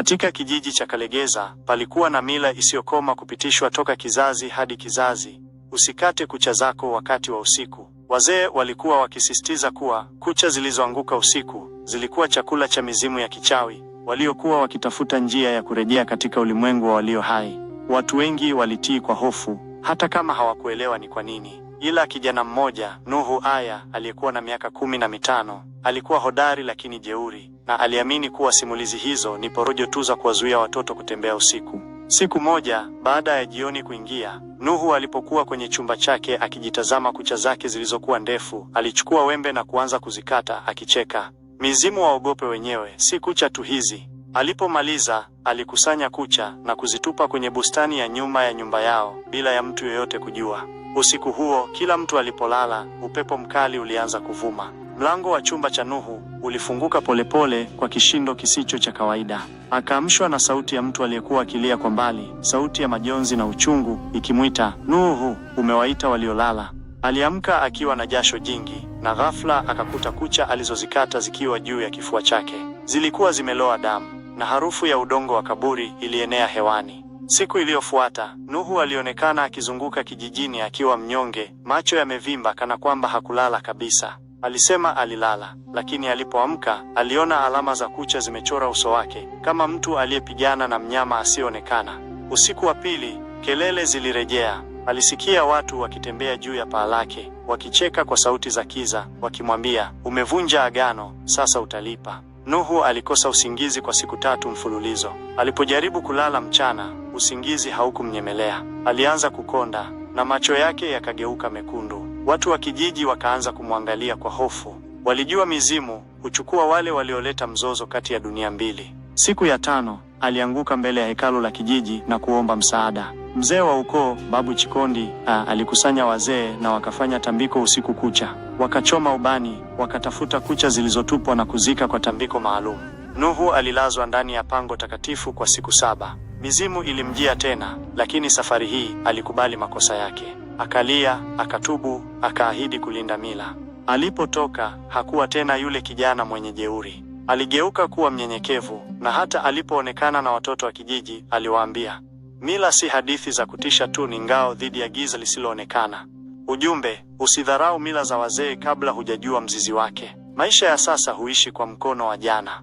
Katika kijiji cha Kalegeza palikuwa na mila isiyokoma kupitishwa toka kizazi hadi kizazi: usikate kucha zako wakati wa usiku. Wazee walikuwa wakisisitiza kuwa kucha zilizoanguka usiku zilikuwa chakula cha mizimu ya kichawi waliokuwa wakitafuta njia ya kurejea katika ulimwengu wa walio hai. Watu wengi walitii kwa hofu, hata kama hawakuelewa ni kwa nini. Ila kijana mmoja Nuhu Aya aliyekuwa na miaka kumi na mitano Alikuwa hodari lakini jeuri, na aliamini kuwa simulizi hizo ni porojo tu za kuwazuia watoto kutembea usiku. Siku moja baada ya jioni kuingia, Nuhu alipokuwa kwenye chumba chake akijitazama kucha zake zilizokuwa ndefu, alichukua wembe na kuanza kuzikata akicheka. Mizimu waogope wenyewe, si kucha tu hizi. Alipomaliza, alikusanya kucha na kuzitupa kwenye bustani ya nyuma ya nyumba yao bila ya mtu yoyote kujua. Usiku huo, kila mtu alipolala, upepo mkali ulianza kuvuma. Mlango wa chumba cha Nuhu ulifunguka polepole kwa kishindo kisicho cha kawaida. Akaamshwa na sauti ya mtu aliyekuwa akilia kwa mbali, sauti ya majonzi na uchungu ikimwita, Nuhu, umewaita waliolala. Aliamka akiwa na jasho jingi, na ghafla akakuta kucha alizozikata zikiwa juu ya kifua chake. Zilikuwa zimeloa damu, na harufu ya udongo wa kaburi ilienea hewani. Siku iliyofuata Nuhu alionekana akizunguka kijijini akiwa mnyonge, macho yamevimba kana kwamba hakulala kabisa. Alisema alilala, lakini alipoamka aliona alama za kucha zimechora uso wake kama mtu aliyepigana na mnyama asiyeonekana. Usiku wa pili, kelele zilirejea. Alisikia watu wakitembea juu ya paa lake, wakicheka kwa sauti za kiza, wakimwambia, umevunja agano, sasa utalipa. Nuhu alikosa usingizi kwa siku tatu mfululizo. Alipojaribu kulala mchana, usingizi haukumnyemelea. Alianza kukonda na macho yake yakageuka mekundu. Watu wa kijiji wakaanza kumwangalia kwa hofu. Walijua mizimu huchukua wale walioleta mzozo kati ya dunia mbili. Siku ya tano alianguka mbele ya hekalu la kijiji na kuomba msaada. Mzee wa ukoo Babu Chikondi a, alikusanya wazee na wakafanya tambiko usiku kucha. Wakachoma ubani, wakatafuta kucha zilizotupwa na kuzika kwa tambiko maalum. Nuhu alilazwa ndani ya pango takatifu kwa siku saba. Mizimu ilimjia tena, lakini safari hii alikubali makosa yake akalia, akatubu, akaahidi kulinda mila. Alipotoka hakuwa tena yule kijana mwenye jeuri, aligeuka kuwa mnyenyekevu, na hata alipoonekana na watoto wa kijiji aliwaambia, mila si hadithi za kutisha tu, ni ngao dhidi ya giza lisiloonekana. Ujumbe: usidharau mila za wazee kabla hujajua mzizi wake. Maisha ya sasa huishi kwa mkono wa jana.